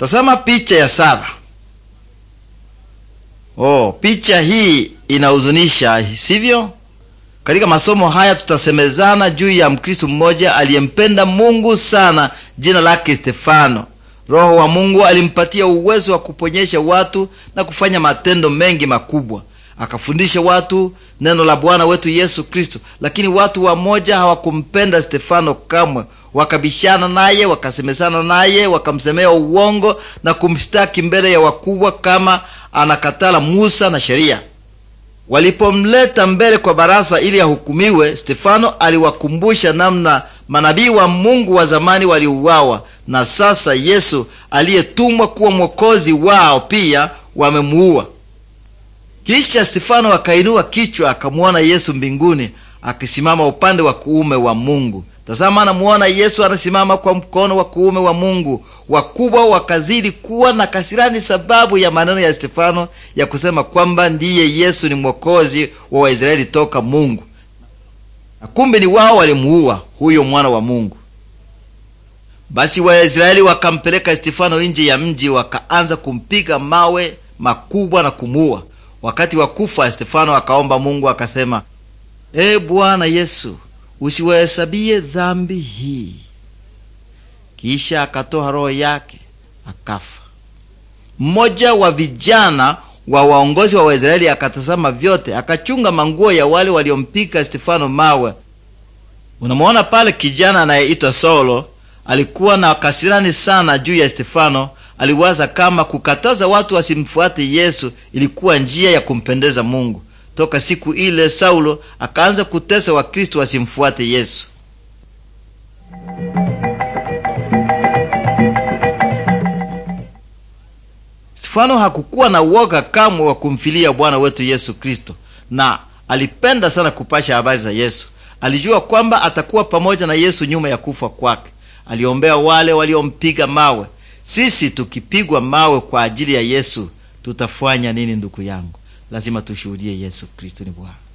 Tazama picha ya Sara. Oh, picha hii inahuzunisha, sivyo? Katika masomo haya tutasemezana juu ya Mkristo mmoja aliyempenda Mungu sana, jina lake Stefano. Roho wa Mungu alimpatia uwezo wa kuponyesha watu na kufanya matendo mengi makubwa. Akafundisha watu neno la Bwana wetu Yesu Kristo, lakini watu wamoja hawakumpenda Stefano kamwe wakabishana naye, wakasemezana naye, wakamsemea uongo na kumshtaki mbele ya wakubwa kama anakatala Musa na sheria. Walipomleta mbele kwa baraza ili ahukumiwe, Stefano aliwakumbusha namna manabii wa Mungu wa zamani waliuawa na sasa Yesu aliyetumwa kuwa mwokozi wao pia wamemuua. Kisha Stefano akainua kichwa akamwona Yesu mbinguni akisimama upande wa kuume wa Mungu. Tazama, namuona Yesu anasimama kwa mkono wa kuume wa Mungu. Wakubwa wakazidi kuwa na kasirani sababu ya maneno ya Stefano ya kusema kwamba ndiye Yesu ni mwokozi wa Waisraeli toka Mungu, na kumbe ni wao walimuua huyo mwana wa Mungu. Basi Waisraeli wakampeleka Stefano nje ya mji, wakaanza kumpiga mawe makubwa na kumuua. Wakati wa kufa Stefano akaomba Mungu akasema, E Bwana Yesu, usiwahesabie dhambi hii. Kisha akatoa roho yake akafa. Mmoja wa vijana wa waongozi wa Waisraeli akatazama vyote, akachunga manguo ya wale waliompika Stefano mawe. Unamuona pale kijana anayeitwa Saulo alikuwa na kasirani sana juu ya Stefano. Aliwaza kama kukataza watu wasimfuate Yesu ilikuwa njia ya kumpendeza Mungu. Toka siku ile Saulo akaanza kutesa Wakristo wasimfuate Yesu. Stefano hakukuwa na uoga kamwe wa kumfilia Bwana wetu Yesu Kristo, na alipenda sana kupasha habari za Yesu. Alijua kwamba atakuwa pamoja na Yesu nyuma ya kufa kwake. Aliombea wale waliompiga mawe. Sisi tukipigwa mawe kwa ajili ya Yesu tutafanya nini, ndugu yangu? lazima tushuhudie Yesu Kristo ni Bwana.